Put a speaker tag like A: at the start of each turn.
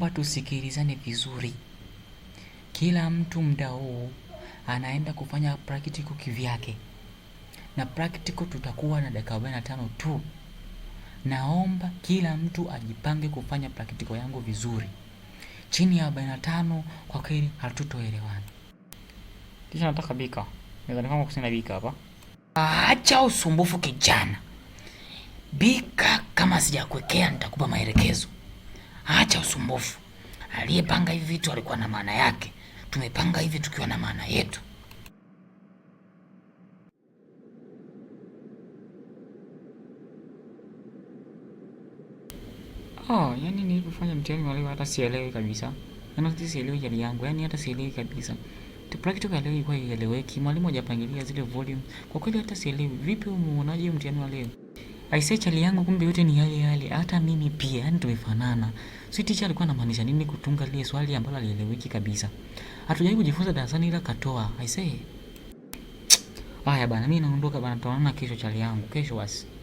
A: naomba tusikilizane vizuri. Kila mtu mda huu anaenda kufanya practical kivyake, na practical tutakuwa na dakika tano tu. Naomba kila mtu ajipange kufanya practical yangu vizuri. Chini ya tano kwa kweli hatutoelewana.
B: Kisha nataka bika, mezani kama kusina bika hapa.
A: Acha usumbufu kijana, bika. Kama sijakuwekea nitakupa maelekezo acha usumbufu. Aliyepanga hivi vitu alikuwa na maana yake, tumepanga hivi tukiwa na maana yetu.
B: Oh, yani nilipofanya mtihani wale hata sielewi kabisa. Yaani hata sielewi hali yangu. yani hata sielewi kabisa. The practical leo ilikuwa ieleweki. Mwalimu hajapangilia zile volume. Kwa kweli hata sielewi vipi umuonaje mtihani wa leo aisee, chali yangu kumbe yote ni yale yale, hata mimi pia, yani tumefanana. si teacher alikuwa anamaanisha nini kutunga lile swali ambalo alieleweki kabisa? hatujai kujifunza darasani, ila katoa aisee. Haya bana, mimi naondoka bana, tutaonana kesho chali yangu, kesho basi.